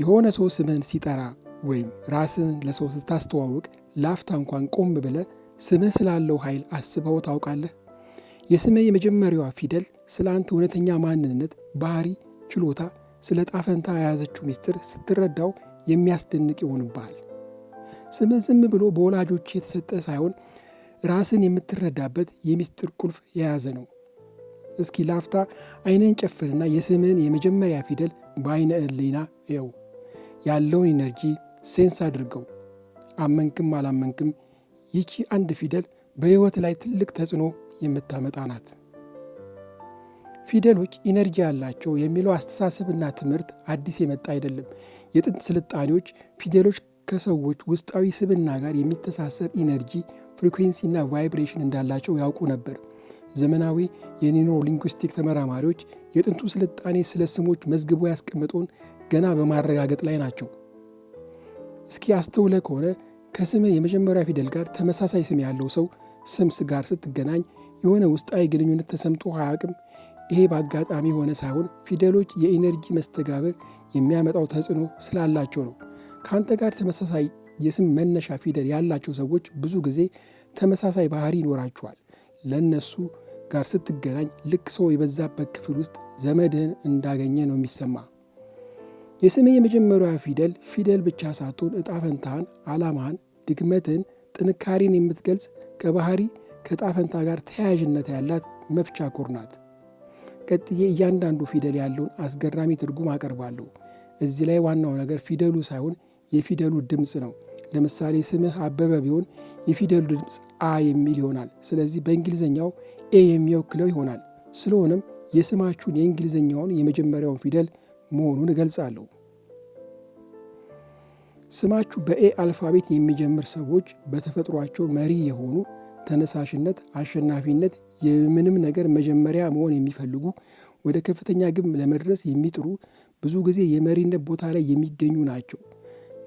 የሆነ ሰው ስምህን ሲጠራ ወይም ራስህን ለሰው ስታስተዋውቅ ላፍታ እንኳን ቆም ብለህ ስምህ ስላለው ኃይል አስበው ታውቃለህ? የስምህ የመጀመሪያዋ ፊደል ስለ አንተ እውነተኛ ማንነት፣ ባህሪ፣ ችሎታ፣ ስለ ጣፈንታ የያዘችው ሚስጢር ስትረዳው የሚያስደንቅ ይሆንብሃል። ስምህ ዝም ብሎ በወላጆች የተሰጠ ሳይሆን ራስን የምትረዳበት የሚስጢር ቁልፍ የያዘ ነው። እስኪ ላፍታ አይንህን ጨፍንና የስምህን የመጀመሪያ ፊደል በአይነ እሌና እየው። ያለውን ኢነርጂ ሴንስ አድርገው። አመንክም አላመንክም ይቺ አንድ ፊደል በሕይወት ላይ ትልቅ ተጽዕኖ የምታመጣ ናት። ፊደሎች ኢነርጂ ያላቸው የሚለው አስተሳሰብና ትምህርት አዲስ የመጣ አይደለም። የጥንት ስልጣኔዎች ፊደሎች ከሰዎች ውስጣዊ ስብና ጋር የሚተሳሰር ኢነርጂ፣ ፍሪኩዌንሲና ቫይብሬሽን እንዳላቸው ያውቁ ነበር። ዘመናዊ የኒውሮ ሊንግዊስቲክ ተመራማሪዎች የጥንቱ ስልጣኔ ስለ ስሞች መዝግቦ ያስቀመጠውን ገና በማረጋገጥ ላይ ናቸው። እስኪ አስተውለ ከሆነ ከስም የመጀመሪያ ፊደል ጋር ተመሳሳይ ስም ያለው ሰው ስምስ ጋር ስትገናኝ የሆነ ውስጣዊ ግንኙነት ተሰምቶ አያውቅም። ይሄ በአጋጣሚ የሆነ ሳይሆን ፊደሎች የኢነርጂ መስተጋብር የሚያመጣው ተጽዕኖ ስላላቸው ነው። ከአንተ ጋር ተመሳሳይ የስም መነሻ ፊደል ያላቸው ሰዎች ብዙ ጊዜ ተመሳሳይ ባህሪ ይኖራቸዋል። ለእነሱ ጋር ስትገናኝ ልክ ሰው የበዛበት ክፍል ውስጥ ዘመድህን እንዳገኘ ነው የሚሰማ። የስሜ የመጀመሪያ ፊደል ፊደል ብቻ ሳትሆን እጣ ፈንታህን፣ ዓላማህን፣ ድክመትህን፣ ጥንካሬን የምትገልጽ ከባህሪ ከጣፈንታ ጋር ተያያዥነት ያላት መፍቻ ኮር ናት። ቀጥዬ እያንዳንዱ ፊደል ያለውን አስገራሚ ትርጉም አቀርባለሁ። እዚህ ላይ ዋናው ነገር ፊደሉ ሳይሆን የፊደሉ ድምፅ ነው። ለምሳሌ ስምህ አበበ ቢሆን የፊደሉ ድምፅ አ የሚል ይሆናል። ስለዚህ በእንግሊዝኛው ኤ የሚወክለው ይሆናል። ስለሆነም የስማችሁን የእንግሊዝኛውን የመጀመሪያውን ፊደል መሆኑን እገልጻለሁ። ስማችሁ በኤ አልፋቤት የሚጀምር ሰዎች በተፈጥሯቸው መሪ የሆኑ ተነሳሽነት፣ አሸናፊነት፣ የምንም ነገር መጀመሪያ መሆን የሚፈልጉ ወደ ከፍተኛ ግብ ለመድረስ የሚጥሩ ብዙ ጊዜ የመሪነት ቦታ ላይ የሚገኙ ናቸው።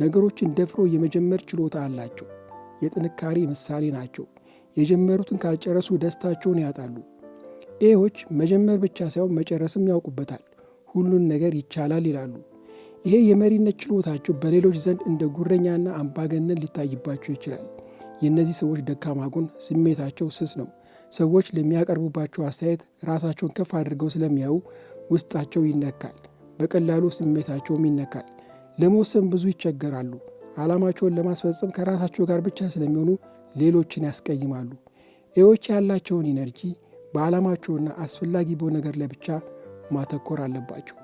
ነገሮችን ደፍሮ የመጀመር ችሎታ አላቸው። የጥንካሬ ምሳሌ ናቸው። የጀመሩትን ካልጨረሱ ደስታቸውን ያጣሉ። ኤዎች መጀመር ብቻ ሳይሆን መጨረስም ያውቁበታል። ሁሉን ነገር ይቻላል ይላሉ። ይሄ የመሪነት ችሎታቸው በሌሎች ዘንድ እንደ ጉረኛና አምባገነን ሊታይባቸው ይችላል። የእነዚህ ሰዎች ደካማ ጎን ስሜታቸው ስስ ነው። ሰዎች ለሚያቀርቡባቸው አስተያየት ራሳቸውን ከፍ አድርገው ስለሚያዩ ውስጣቸው ይነካል፣ በቀላሉ ስሜታቸውም ይነካል። ለመወሰን ብዙ ይቸገራሉ። ዓላማቸውን ለማስፈጸም ከራሳቸው ጋር ብቻ ስለሚሆኑ ሌሎችን ያስቀይማሉ። ኤዎች ያላቸውን ኢነርጂ በዓላማቸውና አስፈላጊ በሆነ ነገር ላይ ብቻ ማተኮር አለባቸው።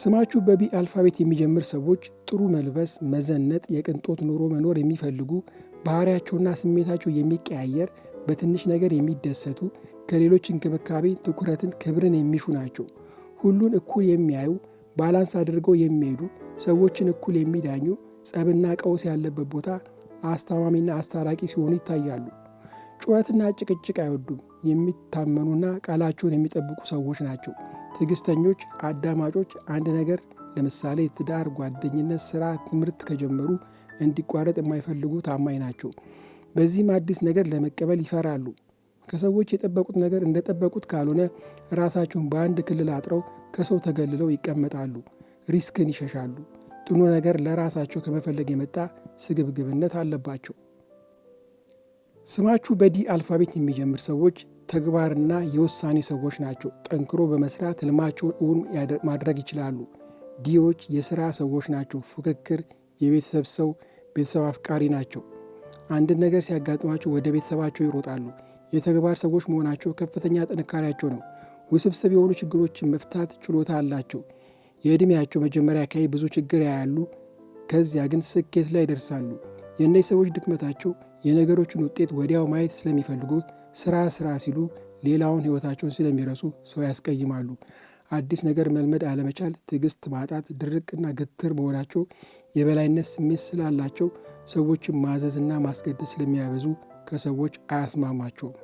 ስማችሁ በቢ አልፋቤት የሚጀምር ሰዎች ጥሩ መልበስ፣ መዘነጥ፣ የቅንጦት ኑሮ መኖር የሚፈልጉ ባህሪያቸውና ስሜታቸው የሚቀያየር፣ በትንሽ ነገር የሚደሰቱ፣ ከሌሎች እንክብካቤ፣ ትኩረትን፣ ክብርን የሚሹ ናቸው። ሁሉን እኩል የሚያዩ ባላንስ አድርገው የሚሄዱ ሰዎችን እኩል የሚዳኙ ጸብና ቀውስ ያለበት ቦታ አስታማሚና አስታራቂ ሲሆኑ ይታያሉ። ጩኸትና ጭቅጭቅ አይወዱም። የሚታመኑና ቃላቸውን የሚጠብቁ ሰዎች ናቸው። ትዕግስተኞች፣ አዳማጮች አንድ ነገር ለምሳሌ ትዳር፣ ጓደኝነት፣ ስራ፣ ትምህርት ከጀመሩ እንዲቋረጥ የማይፈልጉ ታማኝ ናቸው። በዚህም አዲስ ነገር ለመቀበል ይፈራሉ። ከሰዎች የጠበቁት ነገር እንደጠበቁት ካልሆነ ራሳቸውን በአንድ ክልል አጥረው ከሰው ተገልለው ይቀመጣሉ፣ ሪስክን ይሸሻሉ። ጥኑ ነገር ለራሳቸው ከመፈለግ የመጣ ስግብግብነት አለባቸው። ስማችሁ በዲ አልፋቤት የሚጀምር ሰዎች ተግባርና የውሳኔ ሰዎች ናቸው። ጠንክሮ በመስራት ህልማቸውን እውን ማድረግ ይችላሉ። ዲዎች የስራ ሰዎች ናቸው። ፉክክር፣ የቤተሰብ ሰው፣ ቤተሰብ አፍቃሪ ናቸው። አንድን ነገር ሲያጋጥማቸው ወደ ቤተሰባቸው ይሮጣሉ። የተግባር ሰዎች መሆናቸው ከፍተኛ ጥንካሬያቸው ነው። ውስብስብ የሆኑ ችግሮችን መፍታት ችሎታ አላቸው። የዕድሜያቸው መጀመሪያ አካባቢ ብዙ ችግር ያያሉ፣ ከዚያ ግን ስኬት ላይ ይደርሳሉ። የእነዚህ ሰዎች ድክመታቸው የነገሮችን ውጤት ወዲያው ማየት ስለሚፈልጉ ስራ ስራ ሲሉ ሌላውን ህይወታቸውን ስለሚረሱ ሰው ያስቀይማሉ። አዲስ ነገር መልመድ አለመቻል፣ ትዕግስት ማጣት፣ ድርቅና ግትር መሆናቸው፣ የበላይነት ስሜት ስላላቸው ሰዎችን ማዘዝና ማስገደድ ስለሚያበዙ ከሰዎች አያስማማቸውም።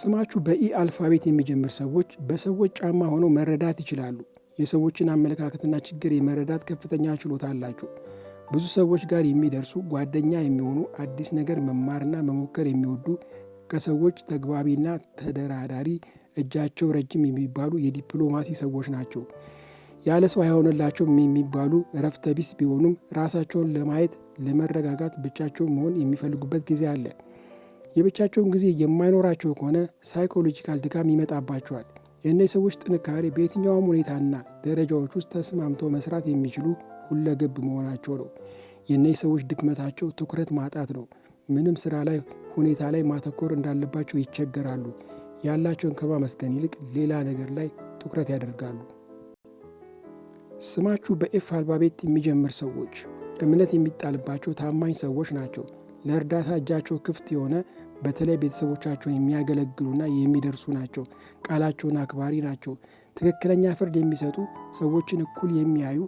ስማችሁ በኢ አልፋቤት የሚጀምር ሰዎች በሰዎች ጫማ ሆነው መረዳት ይችላሉ። የሰዎችን አመለካከትና ችግር የመረዳት ከፍተኛ ችሎታ አላቸው። ብዙ ሰዎች ጋር የሚደርሱ ጓደኛ የሚሆኑ አዲስ ነገር መማርና መሞከር የሚወዱ ከሰዎች ተግባቢና ተደራዳሪ እጃቸው ረጅም የሚባሉ የዲፕሎማሲ ሰዎች ናቸው። ያለ ሰው አይሆንላቸውም የሚባሉ እረፍተ ቢስ ቢሆኑም ራሳቸውን ለማየት ለመረጋጋት ብቻቸውን መሆን የሚፈልጉበት ጊዜ አለ። የብቻቸውን ጊዜ የማይኖራቸው ከሆነ ሳይኮሎጂካል ድካም ይመጣባቸዋል። የእነዚህ ሰዎች ጥንካሬ በየትኛውም ሁኔታና ደረጃዎች ውስጥ ተስማምተው መስራት የሚችሉ ሁለገብ መሆናቸው ነው። የእነዚህ ሰዎች ድክመታቸው ትኩረት ማጣት ነው። ምንም ስራ ላይ ሁኔታ ላይ ማተኮር እንዳለባቸው ይቸገራሉ። ያላቸውን ከማመስገን ይልቅ ሌላ ነገር ላይ ትኩረት ያደርጋሉ። ስማችሁ በኤፍ አልባቤት የሚጀምር ሰዎች እምነት የሚጣልባቸው ታማኝ ሰዎች ናቸው። ለእርዳታ እጃቸው ክፍት የሆነ በተለይ ቤተሰቦቻቸውን የሚያገለግሉና የሚደርሱ ናቸው። ቃላቸውን አክባሪ ናቸው። ትክክለኛ ፍርድ የሚሰጡ ሰዎችን እኩል የሚያዩ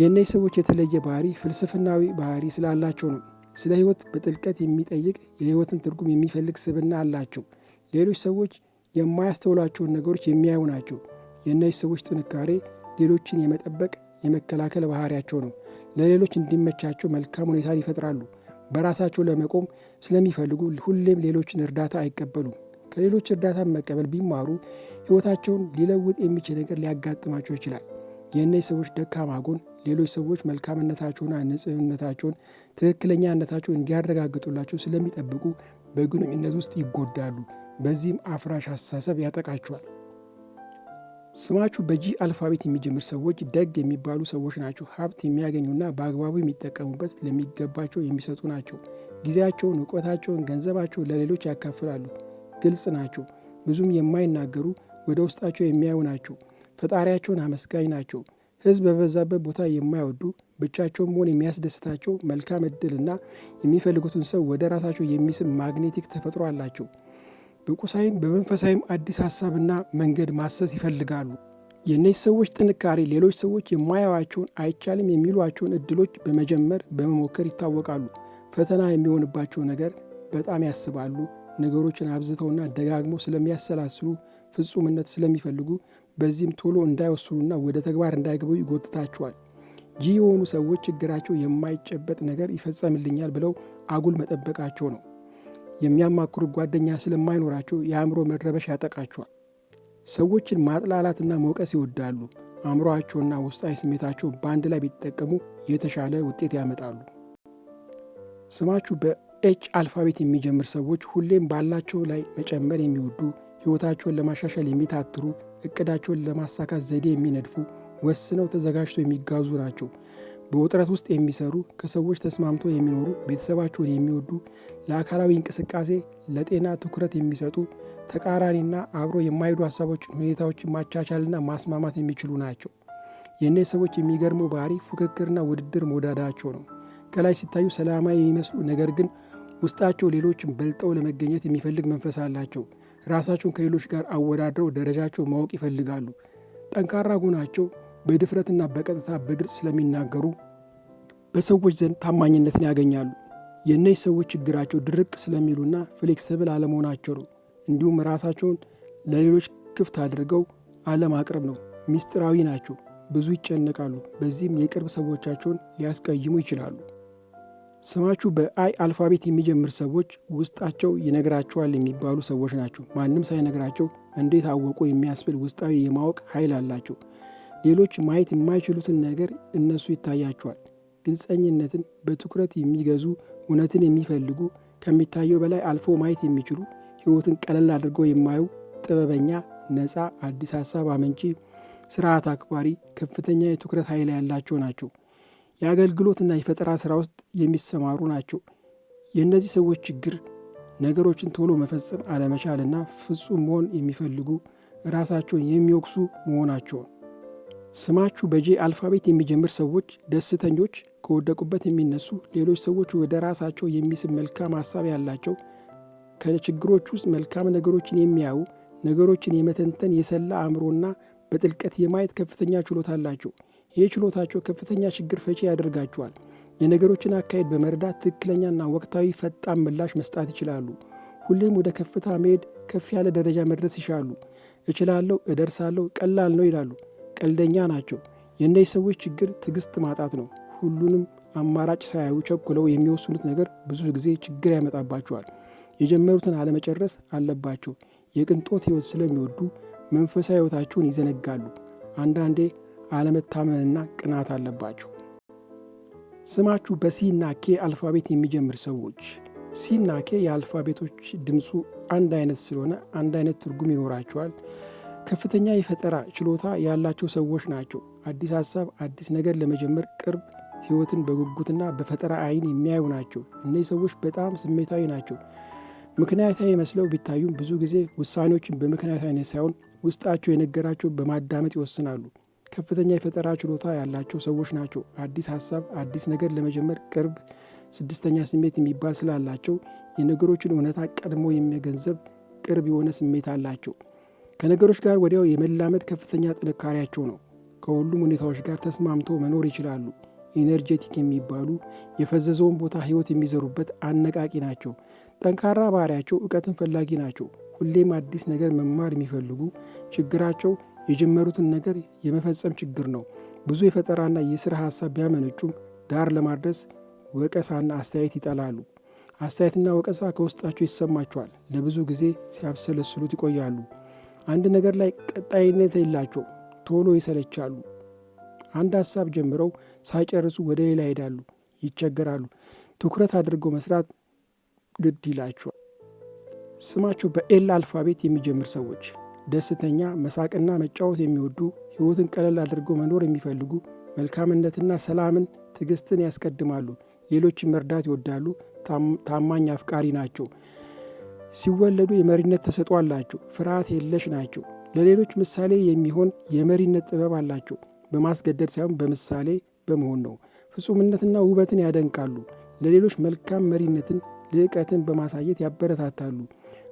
የእነዚህ ሰዎች የተለየ ባህሪ ፍልስፍናዊ ባህሪ ስላላቸው ነው። ስለ ህይወት በጥልቀት የሚጠይቅ የህይወትን ትርጉም የሚፈልግ ስብና አላቸው። ሌሎች ሰዎች የማያስተውሏቸውን ነገሮች የሚያዩ ናቸው። የእነዚህ ሰዎች ጥንካሬ ሌሎችን የመጠበቅ የመከላከል ባህሪያቸው ነው። ለሌሎች እንዲመቻቸው መልካም ሁኔታን ይፈጥራሉ። በራሳቸው ለመቆም ስለሚፈልጉ ሁሌም ሌሎችን እርዳታ አይቀበሉም። ከሌሎች እርዳታ መቀበል ቢማሩ ሕይወታቸውን ሊለውጥ የሚችል ነገር ሊያጋጥማቸው ይችላል። የእነዚህ ሰዎች ደካማ ጎን ሌሎች ሰዎች መልካምነታቸውና ንጽህነታቸውን ትክክለኛነታቸውን እንዲያረጋግጡላቸው ስለሚጠብቁ በግንኙነት ውስጥ ይጎዳሉ። በዚህም አፍራሽ አስተሳሰብ ያጠቃቸዋል። ስማችሁ በጂ አልፋቤት የሚጀምር ሰዎች ደግ የሚባሉ ሰዎች ናቸው። ሀብት የሚያገኙና በአግባቡ የሚጠቀሙበት ለሚገባቸው የሚሰጡ ናቸው። ጊዜያቸውን፣ እውቀታቸውን፣ ገንዘባቸውን ለሌሎች ያካፍላሉ። ግልጽ ናቸው። ብዙም የማይናገሩ ወደ ውስጣቸው የሚያዩ ናቸው። ፈጣሪያቸውን አመስጋኝ ናቸው። ህዝብ በበዛበት ቦታ የማይወዱ ብቻቸውን መሆን የሚያስደስታቸው መልካም እድልና የሚፈልጉትን ሰው ወደ ራሳቸው የሚስብ ማግኔቲክ ተፈጥሮ አላቸው። በቁሳይም በመንፈሳዊም አዲስ ሀሳብና መንገድ ማሰስ ይፈልጋሉ። የእነዚህ ሰዎች ጥንካሬ ሌሎች ሰዎች የማያዋቸውን አይቻልም የሚሏቸውን እድሎች በመጀመር በመሞከር ይታወቃሉ። ፈተና የሚሆንባቸው ነገር በጣም ያስባሉ። ነገሮችን አብዝተውና ደጋግሞ ስለሚያሰላስሉ ፍጹምነት ስለሚፈልጉ በዚህም ቶሎ እንዳይወስኑና ወደ ተግባር እንዳይገቡ ይጎትታቸዋል። ይህ የሆኑ ሰዎች ችግራቸው የማይጨበጥ ነገር ይፈጸምልኛል ብለው አጉል መጠበቃቸው ነው። የሚያማክሩ ጓደኛ ስለማይኖራቸው የአእምሮ መድረበሽ ያጠቃቸዋል። ሰዎችን ማጥላላትና መውቀስ ይወዳሉ። አእምሮአቸውና ውስጣዊ ስሜታቸው በአንድ ላይ ቢጠቀሙ የተሻለ ውጤት ያመጣሉ። ስማችሁ በኤች አልፋቤት የሚጀምር ሰዎች ሁሌም ባላቸው ላይ መጨመር የሚወዱ ሕይወታቸውን ለማሻሻል የሚታትሩ፣ እቅዳቸውን ለማሳካት ዘዴ የሚነድፉ፣ ወስነው ተዘጋጅቶ የሚጋዙ ናቸው። በውጥረት ውስጥ የሚሰሩ ከሰዎች ተስማምቶ የሚኖሩ ቤተሰባቸውን የሚወዱ ለአካላዊ እንቅስቃሴ ለጤና ትኩረት የሚሰጡ ተቃራኒና አብሮ የማይሄዱ ሀሳቦችን ሁኔታዎችን ማቻቻልና ማስማማት የሚችሉ ናቸው። የእነዚህ ሰዎች የሚገርመው ባህሪ ፉክክርና ውድድር መውዳዳቸው ነው። ከላይ ሲታዩ ሰላማዊ የሚመስሉ ነገር ግን ውስጣቸው ሌሎችን በልጠው ለመገኘት የሚፈልግ መንፈስ አላቸው። ራሳቸውን ከሌሎች ጋር አወዳድረው ደረጃቸው ማወቅ ይፈልጋሉ። ጠንካራ ጎናቸው በድፍረትና በቀጥታ በግልጽ ስለሚናገሩ በሰዎች ዘንድ ታማኝነትን ያገኛሉ። የእነዚህ ሰዎች ችግራቸው ድርቅ ስለሚሉና ፍሌክስብል አለመሆናቸው ነው። እንዲሁም ራሳቸውን ለሌሎች ክፍት አድርገው አለማቅረብ ነው። ሚስጥራዊ ናቸው፣ ብዙ ይጨነቃሉ። በዚህም የቅርብ ሰዎቻቸውን ሊያስቀይሙ ይችላሉ። ስማችሁ በአይ አልፋቤት የሚጀምር ሰዎች ውስጣቸው ይነግራቸዋል የሚባሉ ሰዎች ናቸው። ማንም ሳይነግራቸው እንዴት አወቁ የሚያስብል ውስጣዊ የማወቅ ኃይል አላቸው። ሌሎች ማየት የማይችሉትን ነገር እነሱ ይታያቸዋል። ግልጸኝነትን በትኩረት የሚገዙ እውነትን የሚፈልጉ ከሚታየው በላይ አልፎ ማየት የሚችሉ ሕይወትን ቀለል አድርገው የማዩ ጥበበኛ፣ ነፃ፣ አዲስ ሀሳብ አመንጪ፣ ስርዓት አክባሪ፣ ከፍተኛ የትኩረት ኃይል ያላቸው ናቸው። የአገልግሎትና የፈጠራ ሥራ ውስጥ የሚሰማሩ ናቸው። የእነዚህ ሰዎች ችግር ነገሮችን ቶሎ መፈጸም አለመቻልና ፍጹም መሆን የሚፈልጉ ራሳቸውን የሚወቅሱ መሆናቸውን ስማችሁ በጄ አልፋቤት የሚጀምር ሰዎች ደስተኞች፣ ከወደቁበት የሚነሱ ሌሎች ሰዎች ወደ ራሳቸው የሚስብ መልካም ሀሳብ ያላቸው፣ ከችግሮች ውስጥ መልካም ነገሮችን የሚያዩ፣ ነገሮችን የመተንተን የሰላ አእምሮና በጥልቀት የማየት ከፍተኛ ችሎታ አላቸው። ይህ ችሎታቸው ከፍተኛ ችግር ፈቺ ያደርጋቸዋል። የነገሮችን አካሄድ በመረዳት ትክክለኛና ወቅታዊ ፈጣን ምላሽ መስጣት ይችላሉ። ሁሌም ወደ ከፍታ መሄድ፣ ከፍ ያለ ደረጃ መድረስ ይሻሉ። እችላለሁ፣ እደርሳለሁ፣ ቀላል ነው ይላሉ። ቀልደኛ ናቸው። የእነዚህ ሰዎች ችግር ትዕግስት ማጣት ነው። ሁሉንም አማራጭ ሳያዩ ቸኩለው የሚወስኑት ነገር ብዙ ጊዜ ችግር ያመጣባቸዋል። የጀመሩትን አለመጨረስ አለባቸው። የቅንጦት ሕይወት ስለሚወዱ መንፈሳዊ ሕይወታቸውን ይዘነጋሉ። አንዳንዴ አለመታመንና ቅናት አለባቸው። ስማችሁ በሲና ኬ አልፋቤት የሚጀምር ሰዎች ሲና ኬ የአልፋቤቶች ድምፁ አንድ አይነት ስለሆነ አንድ አይነት ትርጉም ይኖራቸዋል። ከፍተኛ የፈጠራ ችሎታ ያላቸው ሰዎች ናቸው። አዲስ ሀሳብ፣ አዲስ ነገር ለመጀመር ቅርብ፣ ህይወትን በጉጉትና በፈጠራ አይን የሚያዩ ናቸው። እነዚህ ሰዎች በጣም ስሜታዊ ናቸው። ምክንያታዊ መስለው ቢታዩም ብዙ ጊዜ ውሳኔዎችን በምክንያታዊነት ሳይሆን ውስጣቸው የነገራቸው በማዳመጥ ይወስናሉ። ከፍተኛ የፈጠራ ችሎታ ያላቸው ሰዎች ናቸው። አዲስ ሀሳብ፣ አዲስ ነገር ለመጀመር ቅርብ፣ ስድስተኛ ስሜት የሚባል ስላላቸው የነገሮችን እውነታ ቀድሞ የሚገንዘብ ቅርብ የሆነ ስሜት አላቸው። ከነገሮች ጋር ወዲያው የመላመድ ከፍተኛ ጥንካሬያቸው ነው። ከሁሉም ሁኔታዎች ጋር ተስማምቶ መኖር ይችላሉ። ኢነርጄቲክ የሚባሉ የፈዘዘውን ቦታ ህይወት የሚዘሩበት አነቃቂ ናቸው። ጠንካራ ባህሪያቸው እውቀትን ፈላጊ ናቸው። ሁሌም አዲስ ነገር መማር የሚፈልጉ ችግራቸው የጀመሩትን ነገር የመፈጸም ችግር ነው። ብዙ የፈጠራና የስራ ሀሳብ ቢያመነጩም ዳር ለማድረስ ወቀሳና አስተያየት ይጠላሉ። አስተያየትና ወቀሳ ከውስጣቸው ይሰማቸዋል። ለብዙ ጊዜ ሲያብሰለስሉት ይቆያሉ። አንድ ነገር ላይ ቀጣይነት የላቸው ቶሎ ይሰለቻሉ። አንድ ሀሳብ ጀምረው ሳይጨርሱ ወደ ሌላ ይሄዳሉ፣ ይቸገራሉ። ትኩረት አድርገው መስራት ግድ ይላቸዋል። ስማቸው በኤል አልፋቤት የሚጀምር ሰዎች ደስተኛ፣ መሳቅና መጫወት የሚወዱ ሕይወትን ቀለል አድርገው መኖር የሚፈልጉ መልካምነትና ሰላምን፣ ትዕግስትን ያስቀድማሉ። ሌሎችን መርዳት ይወዳሉ። ታማኝ አፍቃሪ ናቸው። ሲወለዱ የመሪነት ተሰጥኦ አላቸው። ፍርሃት የለሽ ናቸው። ለሌሎች ምሳሌ የሚሆን የመሪነት ጥበብ አላቸው። በማስገደድ ሳይሆን በምሳሌ በመሆን ነው። ፍጹምነትና ውበትን ያደንቃሉ። ለሌሎች መልካም መሪነትን፣ ልዕቀትን በማሳየት ያበረታታሉ።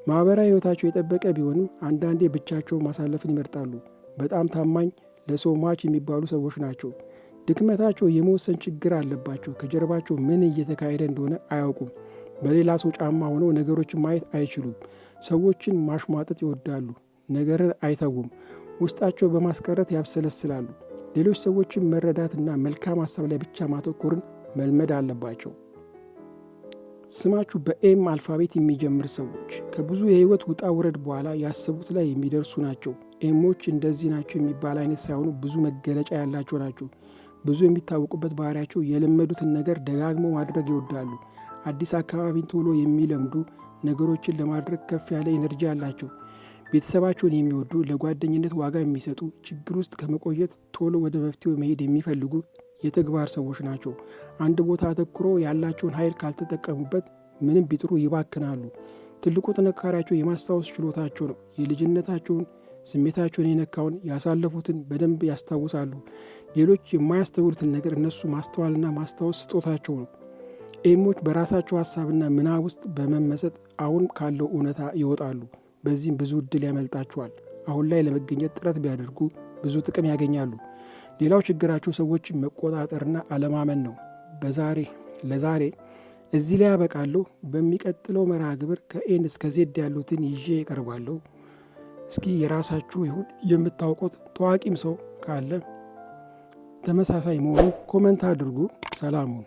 ማኅበራዊ ሕይወታቸው የጠበቀ ቢሆንም አንዳንዴ ብቻቸው ማሳለፍን ይመርጣሉ። በጣም ታማኝ፣ ለሰው ሟች የሚባሉ ሰዎች ናቸው። ድክመታቸው የመወሰን ችግር አለባቸው። ከጀርባቸው ምን እየተካሄደ እንደሆነ አያውቁም። በሌላ ሰው ጫማ ሆነው ነገሮችን ማየት አይችሉም። ሰዎችን ማሽሟጠጥ ይወዳሉ፣ ነገርን አይተውም። ውስጣቸው በማስቀረት ያብሰለስላሉ። ሌሎች ሰዎችን መረዳትና መልካም ሀሳብ ላይ ብቻ ማተኮርን መልመድ አለባቸው። ስማችሁ በኤም አልፋቤት የሚጀምር ሰዎች ከብዙ የህይወት ውጣ ውረድ በኋላ ያሰቡት ላይ የሚደርሱ ናቸው። ኤሞች እንደዚህ ናቸው የሚባል አይነት ሳይሆኑ ብዙ መገለጫ ያላቸው ናቸው። ብዙ የሚታወቁበት ባህሪያቸው የለመዱትን ነገር ደጋግሞ ማድረግ ይወዳሉ። አዲስ አካባቢን ቶሎ የሚለምዱ ነገሮችን ለማድረግ ከፍ ያለ ኤነርጂ አላቸው። ቤተሰባቸውን የሚወዱ ለጓደኝነት ዋጋ የሚሰጡ ችግር ውስጥ ከመቆየት ቶሎ ወደ መፍትሄው መሄድ የሚፈልጉ የተግባር ሰዎች ናቸው። አንድ ቦታ አተኩሮ ያላቸውን ኃይል ካልተጠቀሙበት ምንም ቢጥሩ ይባክናሉ። ትልቁ ጥንካሬያቸው የማስታወስ ችሎታቸው ነው። የልጅነታቸውን ስሜታቸውን የነካውን ያሳለፉትን በደንብ ያስታውሳሉ። ሌሎች የማያስተውሉትን ነገር እነሱ ማስተዋልና ማስታወስ ስጦታቸው ነው። ኤሞች በራሳቸው ሀሳብና ምናብ ውስጥ በመመሰጥ አሁን ካለው እውነታ ይወጣሉ። በዚህም ብዙ እድል ያመልጣቸዋል። አሁን ላይ ለመገኘት ጥረት ቢያደርጉ ብዙ ጥቅም ያገኛሉ። ሌላው ችግራቸው ሰዎች መቆጣጠርና አለማመን ነው። በዛሬ ለዛሬ እዚህ ላይ ያበቃለሁ። በሚቀጥለው መርሃ ግብር ከኤን እስከ ዜድ ያሉትን ይዤ ይቀርባለሁ። እስኪ የራሳችሁ ይሁን። የምታውቁት ታዋቂም ሰው ካለ ተመሳሳይ መሆኑ ኮመንት አድርጉ። ሰላሙን